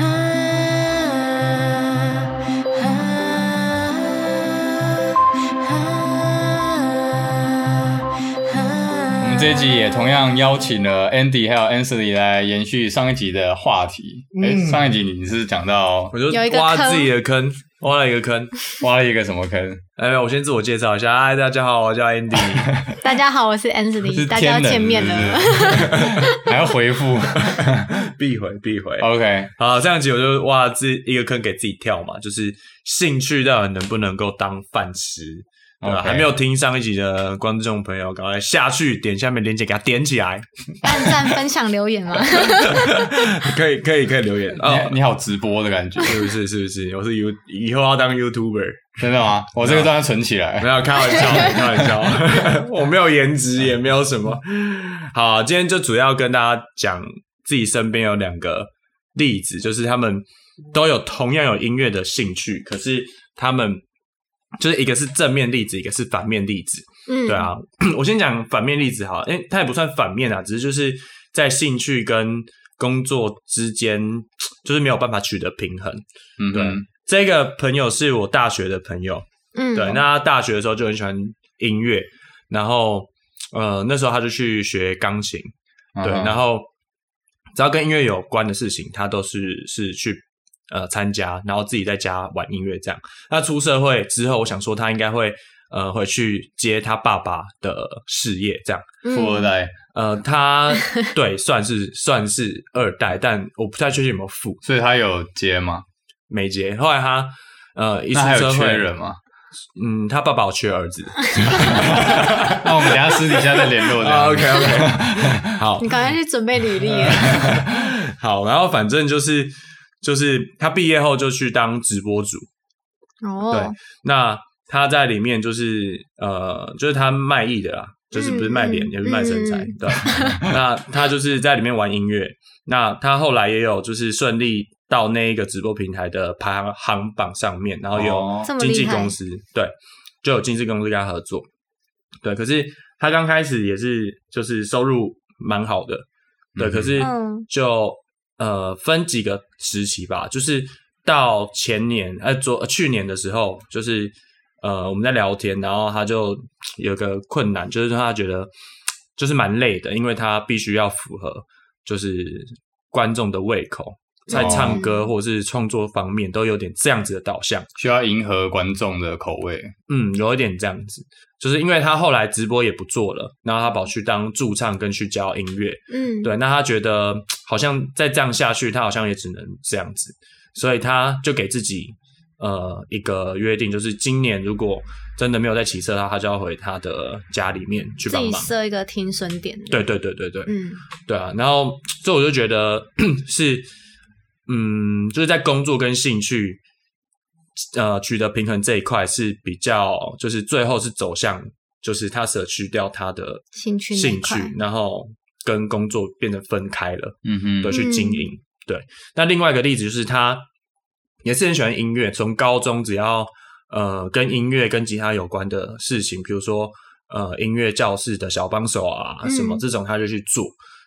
我們這一集也同樣邀請了 Andy 還有 Annsley 來延續上一集的話題。嗯欸、上一集你是講到，我就挖自己的坑。挖了一個坑，挖了一個什麼坑？哎，我先自我介紹一下，嗨，大家好，我叫 Andy。 大家好，我是 Annsley。 大家要見面了， 還要回復，必 回必回。OK，好，這樣子我就挖了一個坑給自己跳嘛，就是興趣到底能不能夠當飯吃？對 okay。還沒有聽上一集的觀眾朋友，趕快下去點下面鏈接，給他點起來，按讚、分享、留言啊 可以，可以，可以留言。你你好，直播的感覺、哦，是不是？是不是？我是 You 以後要當 YouTuber，真的嗎？ 我這個當然存起來 沒，沒有開玩笑，開玩笑，我沒有顏值，也沒有什麼。好，今天就主要跟大家講自己身邊有兩個例子，就是他們都有同樣有音樂的興趣，可是他們。就是一個是正面例子，一個是反面例子。嗯，對啊，我先講反面例子好了，因為他也不算反面啊，只是就是在興趣跟工作之間就是沒有辦法取得平衡。嗯，對，這個朋友是我大學的朋友。嗯，對，那他大學的時候就很喜歡音樂，然後呃那時候他就去學鋼琴。對，啊。然後只要跟音樂有關的事情，他都是是去。呃，參加，然後自己在家玩音樂這樣。那出社會之後，我想說他應該會呃回去接他爸爸的事業這樣。富、嗯、二代，呃，他對 算是算是二代，但我不太確定有沒有富。所以他有接嗎？沒接。後來他呃，他一出社會缺人嗎？嗯，他爸爸有缺兒子。 那我們等一下私底下再聯絡這、uh, OK OK。 好，你剛才去準備履歷。 好，然後反正就是。就是他畢業後就去當直播主，哦，對，那他在裡面就是呃，就是他賣藝的啦、嗯，就是不是賣臉、嗯，也不是賣身材，嗯、對 那他就是在裡面玩音樂，那他後來也有就是順利到那一個直播平台的排行，行榜上面，然後有經紀公司、oh,，對，就有經紀公司跟他合作，對，可是他剛開始也是就是收入蠻好的、嗯，對，可是就。嗯呃，分幾個時期吧，就是到前年，呃，昨去年的時候，就是呃，我們在聊天，然後他就有個困難，就是他覺得就是蠻累的，因為他必須要符合就是觀眾的胃口。在唱歌或者是創作方面都有點這樣子的導向，需要迎合觀眾的口味。嗯，有一點這樣子，就是因為他後來直播也不做了，然後他跑去當駐唱跟去教音樂。嗯，對。那他覺得好像再這樣下去，他好像也只能這樣子，所以他就給自己呃一個約定，就是今年如果真的沒有再起色，他他就要回他的家裡面去幫忙設一個停損點。對對對對對，嗯，對啊。然後這我就覺得 是。嗯，就是在工作跟興趣，呃，取得平衡這一塊是比較，就是最後是走向，就是他捨去掉他的興趣興趣，然後跟工作變得分開了，嗯哼，的去經營、嗯。對，那另外一個例子就是他，也是很喜歡音樂，從、嗯、高中只要呃跟音樂跟吉他有關的事情，比如說呃音樂教室的小幫手啊什麼、嗯、這種，他就去做。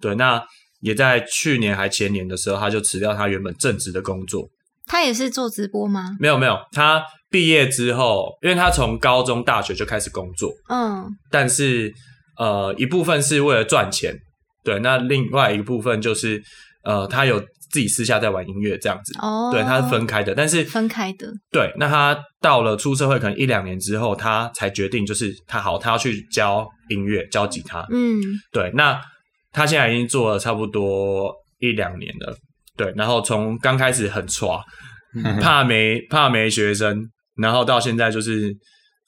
對，那。也在去年還前年的時候，他就辭掉他原本正職的工作。他也是做直播嗎？沒有沒有，他畢業之後，因為他從高中、大學就開始工作。嗯。但是呃，一部分是為了賺錢，對。那另外一個部分就是呃，他有自己私下在玩音樂這樣子。哦。對，他是分開的，但是分開的。對，那他到了出社會可能一兩年之後，他才決定就是他好，他要去教音樂，教吉他。嗯。對，那。他現在已經做了差不多一兩年了，對，然後從剛開始很挫，怕沒怕沒學生，然後到現在就是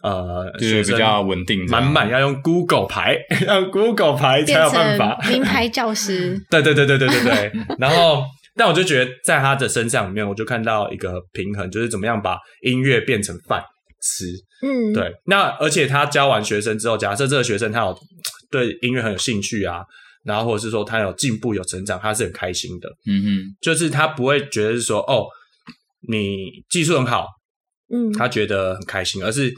呃對對學生比較穩定滿滿，要用 Google 牌，要用 Google 牌才有辦法，名牌教師。 對對對對對對對。 然後，但我就覺得在他的身上裡面，我就看到一個平衡，就是怎麼樣把音樂變成飯吃。嗯，對。那而且他教完學生之後，假設這個學生他有對音樂很有興趣啊。然後，或者是說他有進步、有成長，他是很開心的。嗯哼，就是他不會覺得是說哦，你技術很好，嗯，他覺得很開心，而是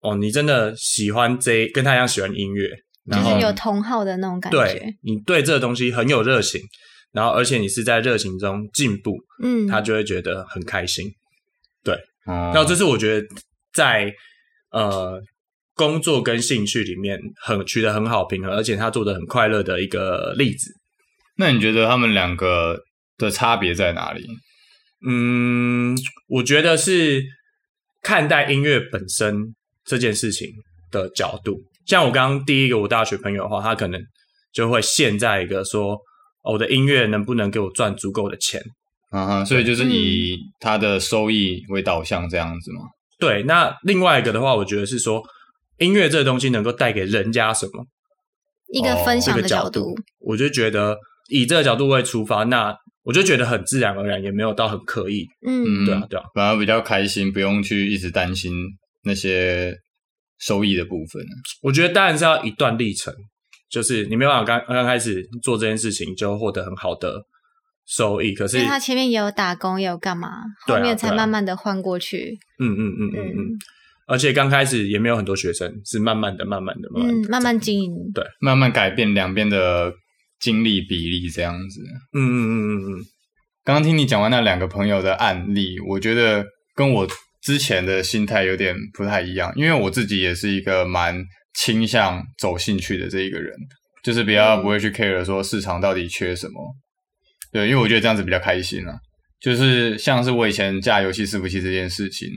哦，你真的喜歡這，跟他一樣喜歡音樂，就是有同好的那種感覺。對，你對這個東西很有熱情，然後而且你是在熱情中進步，嗯，他就會覺得很開心。對，然後這是我覺得在呃。工作跟興趣裡面很取得很好平衡，而且他做得很快樂的一個例子。那你覺得他們兩個的差別在哪裡？嗯，我覺得是看待音樂本身這件事情的角度。像我剛剛第一個我大學朋友的話，他可能就會陷在一個說，哦、我的音樂能不能給我賺足夠的錢啊？所以就是以他的收益為導向這樣子嘛、嗯。對。那另外一個的話，我覺得是說。音樂這個東西能夠帶給人家什麼？一個分享的角度、這個、角度，我就覺得以這個角度為出發，那我就覺得很自然而然，也沒有到很刻意。嗯，對啊，對啊，反而比較開心，不用去一直擔心那些收益的部分。我覺得當然是要一段歷程，就是你沒有辦法剛剛開始做這件事情就獲得很好的收益。可是因為他前面也有打工，也有幹嘛、對啊對啊，後面才慢慢的換過去。嗯嗯嗯嗯嗯。嗯而且剛開始也沒有很多學生，是慢慢的、慢、慢慢的、慢、嗯、慢慢經營，對，慢慢改變兩邊的精力比例這樣子。嗯嗯嗯嗯嗯。剛剛聽你講完那兩個朋友的案例，我覺得跟我之前的心態有點不太一樣，因為我自己也是一個蠻傾向走興趣的這一個人，就是比較不會去 care 說市場到底缺什麼，嗯、對，因為我覺得這樣子比較開心啊。就是像是我以前架遊戲伺服器這件事情。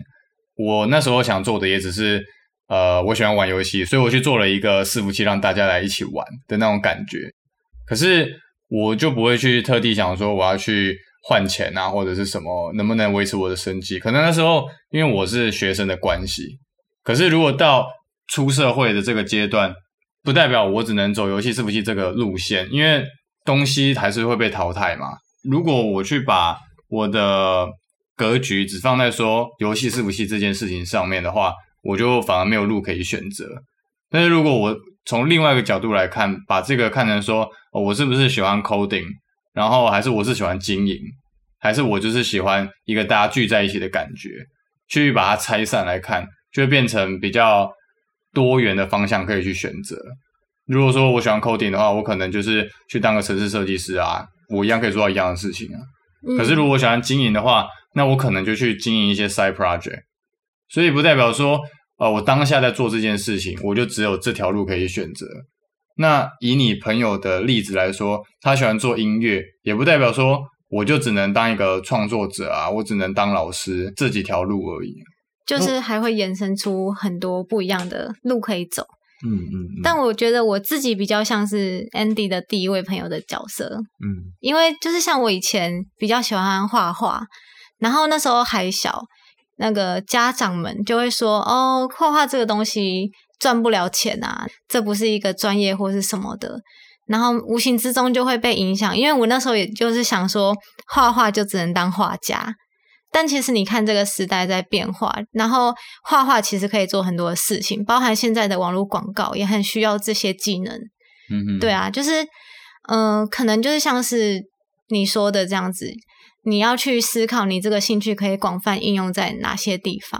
我那時候想做的也只是，呃，我喜歡玩遊戲，所以我去做了一個伺服器，讓大家來一起玩的那種感覺。可是我就不會去特地想說我要去換錢啊，或者是什麼，能不能維持我的生計。可能那時候因為我是學生的關係，可是如果到出社會的這個階段，不代表我只能走遊戲伺服器這個路線，因為東西還是會被淘汰嘛。如果我去把我的。格局只放在說遊戲是不是這件事情上面的話，我就反而沒有路可以選擇。但是如果我從另外一個角度來看，把這個看成說、哦，我是不是喜歡 coding，然後還是我是喜歡經營，還是我就是喜歡一個大家聚在一起的感覺，去把它拆散來看，就會變成比較多元的方向可以去選擇。如果說我喜歡 coding 的話，我可能就是去當個程式設計師啊，我一樣可以做到一樣的事情啊。嗯、可是如果我喜歡經營的話，那我可能就去經營一些 side project，所以不代表說，呃，我當下在做這件事情，我就只有這條路可以選擇。那以你朋友的例子來說，他喜歡做音樂，也不代表說我就只能當一個創作者啊，我只能當老師，這幾條路而已。就是還會衍生出很多不一樣的路可以走。嗯嗯，嗯。但我覺得我自己比較像是 Andy 的第一位朋友的角色。嗯。因為就是像我以前比較喜歡畫畫。然後那時候還小，那個家長們就會說：“哦，畫畫這個東西賺不了錢啊，這不是一個專業或是什麼的。”然後無形之中就會被影響，因為我那時候也就是想說，畫畫就只能當畫家。但其實你看這個時代在變化，然後畫畫其實可以做很多事情，包含現在的網絡廣告也很需要這些技能。嗯，對啊，就是嗯、呃，可能就是像是你說的這樣子。你要去思考你這個興趣可以廣泛應用在哪些地方，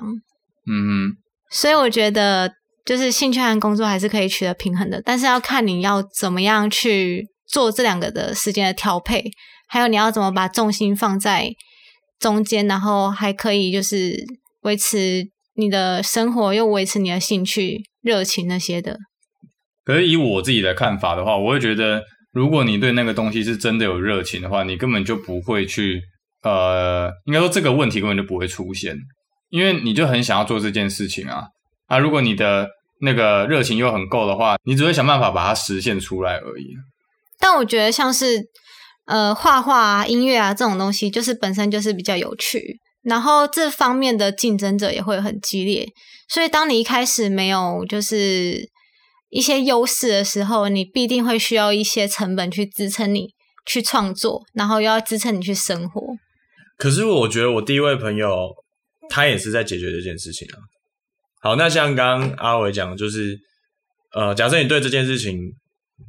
嗯哼。所以我覺得，就是興趣和工作還是可以取得平衡的，但是要看你要怎麼樣去做這兩個的時間的調配，還有你要怎麼把重心放在中間，然後還可以就是維持你的生活，又維持你的興趣熱情那些的。可是以我自己的看法的話，我會覺得。如果你對那個東西是真的有熱情的話，你根本就不會去，呃，應該說這個問題根本就不會出現，因為你就很想要做這件事情啊啊！如果你的那個熱情又很夠的話，你只會想辦法把它實現出來而已。但我覺得像是呃畫畫啊、音樂啊這種東西，就是本身就是比較有趣，然後這方面的競爭者也會很激烈，所以當你一開始沒有就是。一些優勢的時候，你必定會需要一些成本去支撐你去創作，然後又要支撐你去生活。可是我覺得我第一位朋友他也是在解決這件事情啊。好，那像剛剛阿偉講的，就是，呃，假設你對這件事情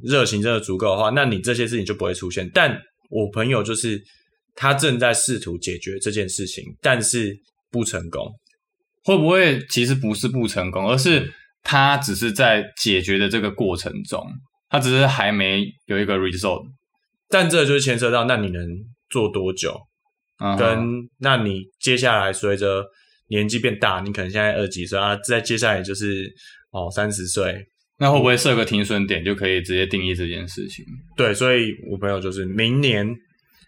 熱情真的足夠的話，那你這些事情就不會出現。但我朋友就是他正在試圖解決這件事情，但是不成功。會不會其實不是不成功，而是？他只是在解決的這個過程中，他只是還沒有一個 result，但這就是牽涉到，那你能做多久，Uh-huh. 跟那你接下來隨着年紀變大，你可能現在二十幾歲啊，再接下來就是哦三十歲，那會不會設個停損點就可以直接定義這件事情？嗯、對，所以我朋友就是明年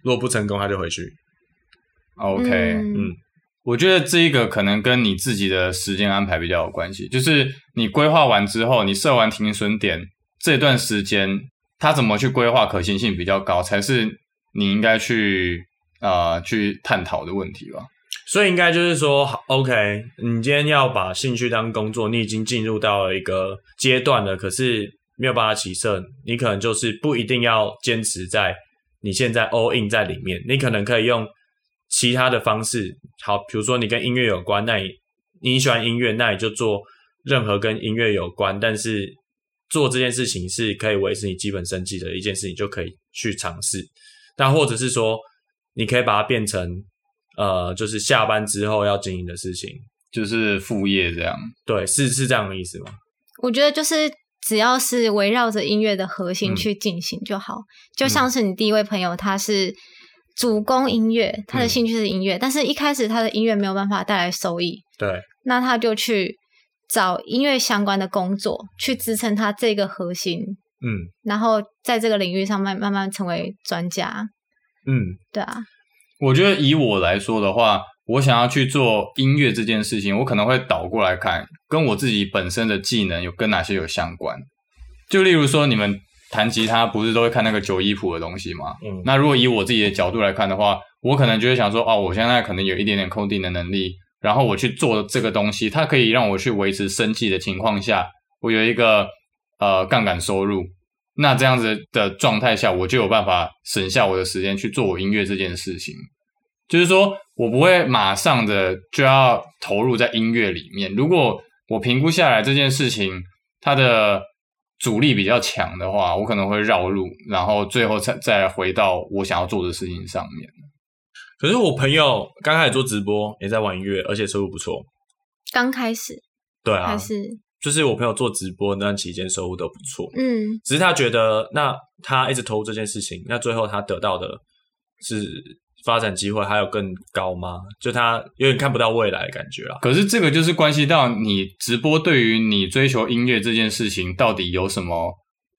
如果不成功，他就回去，OK，嗯。嗯我覺得這一個可能跟你自己的時間安排比較有關係，就是你規劃完之後，你設完停損點，這段時間，他怎麼去規劃可行性比較高，才是你應該去啊、呃、去探討的問題吧。所以應該就是說，OK，你今天要把興趣當工作，你已經進入到了一個階段了，可是沒有辦法起色，你可能就是不一定要堅持在你現在 all in 在裡面，你可能可以用。其他的方式，好，比如說你跟音樂有關，那你你喜歡音樂，那你就做任何跟音樂有關，但是做這件事情是可以維持你基本生計的一件事情，就可以去嘗試。那或者是說，你可以把它變成，呃，就是下班之後要經營的事情，就是副業這樣。對，是是這樣的意思嗎？我覺得就是只要是圍繞着音樂的核心去進行就好。嗯。就像是你第一位朋友，他是。主攻音樂，他的興趣是音樂，嗯，但是一開始他的音樂沒有辦法帶來收益，對，那他就去找音樂相關的工作去支撐他這個核心，嗯，然後在這個領域上慢慢慢成為專家，嗯，對啊。我覺得以我來說的話，我想要去做音樂這件事情，我可能會倒過來看，跟我自己本身的技能有跟哪些有相關，就例如說你們。彈吉他不是都會看那個九一譜的東西嗎？嗯。那如果以我自己的角度來看的話，我可能就會想說，哦，我現在可能有一點點 coding 的能力，然後我去做這個東西，它可以讓我去維持生計的情況下，我有一個呃槓桿收入。那這樣子的狀態下，我就有辦法省下我的時間去做我音樂這件事情。就是說我不會馬上的就要投入在音樂裡面。如果我評估下來這件事情，它的，嗯。阻力比較強的話，我可能會繞路，然後最後再再回到我想要做的事情上面。可是我朋友剛開始做直播，也在玩音樂，而且收入不錯。剛開始。對啊。開始。就是我朋友做直播那段期間，收入都不錯。嗯。只是他覺得，那他一直投入這件事情，那最後他得到的是。發展機會還有更高嗎？就他有點看不到未來的感覺啦。可是這個就是關係到你直播對於你追求音樂這件事情到底有什麼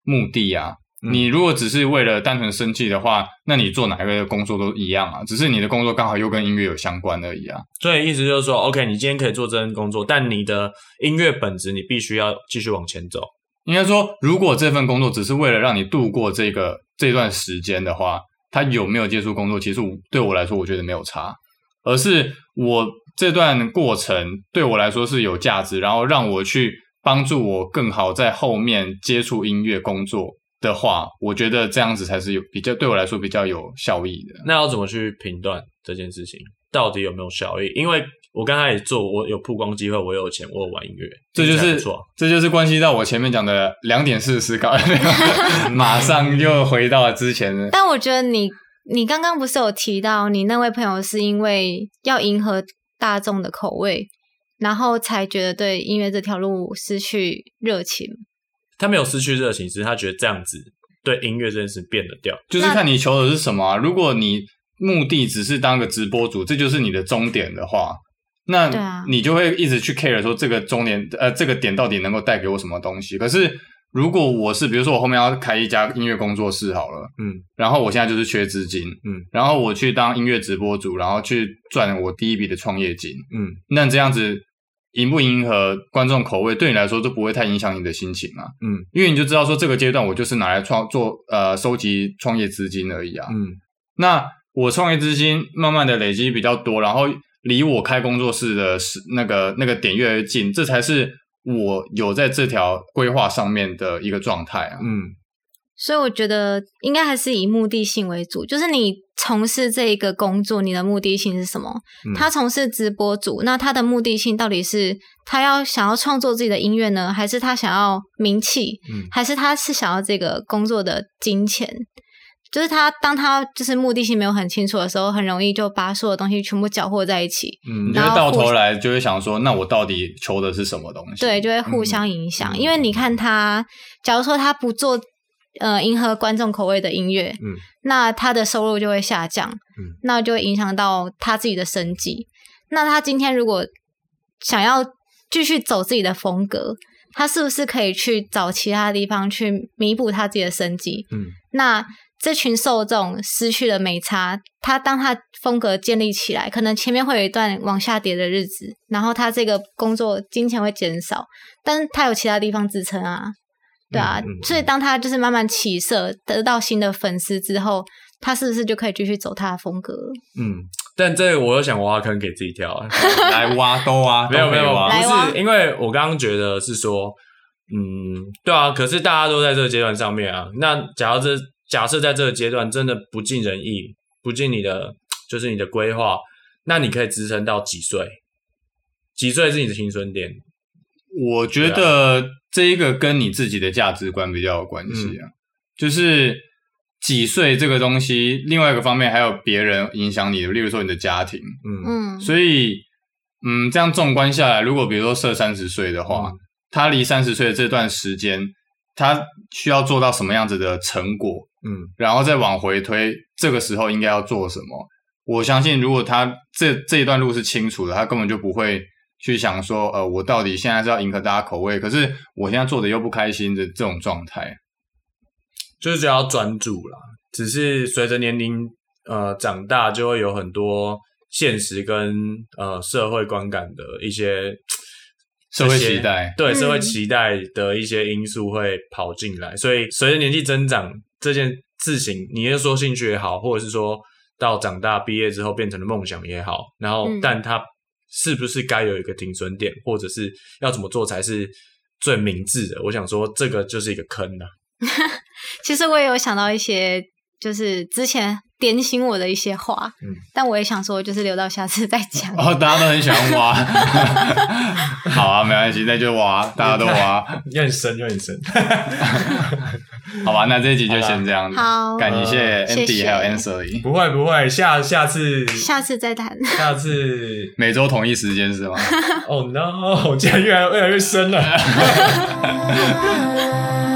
目的啊？嗯、你如果只是為了單純生計的話，那你做哪一個工作都一樣啊，只是你的工作剛好又跟音樂有相關而已啊。所以意思就是說，OK，你今天可以做這份工作，但你的音樂本質你必須要繼續往前走。應該說，如果這份工作只是為了讓你度過這個這段時間的話。他有沒有接觸工作？其實我對我來說，我覺得沒有差，而是我這段過程對我來說是有價值，然後讓我去幫助我更好在後面接觸音樂工作的話，我覺得這樣子才是有比較對我來說比較有效益的。那要怎麼去評斷這件事情到底有沒有效益？因為我剛才也做，我有曝光機會，我有錢，我有玩音樂，這就是，這就是關係到我前面講的兩點四十四高。 馬上又回到了之前。 但我覺得你，你剛剛不是有提到，你那位朋友是因為要迎合大眾的口味，然後才覺得對音樂這條路失去熱情。他沒有失去熱情，只是他覺得這樣子對音樂真的是變了調，就是看你求的是什麼啊。如果你目的只是當個直播主，這就是你的終點的話。那你就會一直去 care 說這個中年呃這個點到底能夠帶給我什麼東西？可是如果我是比如說我後面要開一家音樂工作室好了，嗯，然後我現在就是缺資金，嗯，然後我去當音樂直播主，然後去賺我第一筆的創業金，嗯，那這樣子迎不迎合觀眾口味，對你來說就不會太影響你的心情了啊。嗯，因為你就知道說這個階段我就是拿來創作呃收集創業資金而已啊，嗯，那我創業資金慢慢的累積比較多，然後。離我開工作室的那個那個點越來越近，這才是我有在這條規劃上面的一個狀態啊。嗯，所以我覺得應該還是以目的性為主，就是你從事這一個工作，你的目的性是什麼？嗯，他從事直播主，那他的目的性到底是他要想要創作自己的音樂呢，還是他想要名氣，嗯，還是他是想要這個工作的金錢？就是他，當他就是目的性沒有很清楚的時候，很容易就把所有東西全部攪和在一起。嗯，就到頭來就會想說，那我到底求的是什麼東西？對，就會互相影響。嗯，因為你看他，假如說他不做呃迎合觀眾口味的音樂，嗯，那他的收入就會下降，嗯，那就會影響到他自己的生計。嗯，那他今天如果想要繼續走自己的風格，他是不是可以去找其他地方去彌補他自己的生計？嗯，那。這群受眾失去了沒差，他當他風格建立起來，可能前面會有一段往下跌的日子，然後他這個工作金錢會減少，但是他有其他地方支撐啊，嗯、對啊、嗯，所以當他就是慢慢起色，得到新的粉絲之後，他是不是就可以繼續走他的風格？嗯，但這我又想挖坑給自己跳，來挖都挖， 都沒有沒有，沒有，啊，不是因為我剛剛覺得是說，嗯，對啊，可是大家都在這個階段上面啊，那假如這。假設在這個階段真的不盡人意，不盡你的就是你的規劃，那你可以支撐到幾歲？幾歲是你的青春點？我覺得、啊、這一個跟你自己的價值觀比較有關係啊、嗯。就是幾歲這個東西，另外一個方面還有別人影響你的，例如說你的家庭。嗯，所以，嗯，這樣縱觀下來，如果比如說設三十歲的話，嗯、他離三十歲的這段時間。他需要做到什麼樣子的成果，嗯，然後再往回推，這個時候應該要做什麼？我相信，如果他這這一段路是清楚的，他根本就不會去想說，呃，我到底現在是要迎合大家口味，可是我現在做得又不開心的這種狀態，就是只要專注啦。只是隨着年齡呃長大，就會有很多現實跟呃社會觀感的一些。社會期待，對社會期待的一些因素會跑進來、嗯，所以隨着年紀增長，這件事情，你要說興趣也好，或者是說到長大畢業之後變成了夢想也好，然後，嗯、但它是不是該有一個停損點，或者是要怎麼做才是最明智的？我想說，這個就是一個坑的、啊。其實我也有想到一些。就是之前點醒我的一些話，嗯、但我也想說，就是留到下次再講。哦，大家都很喜歡挖， 好啊，沒關係，那就挖，大家都挖，越深越深。深 好吧，那這一集就先這樣子。好，好，感謝 Andy、呃、還有 Annsley，不會不會，下下次下次再談，下次每週同一時間是嗎 ？Oh no，我竟然越來越來越深了。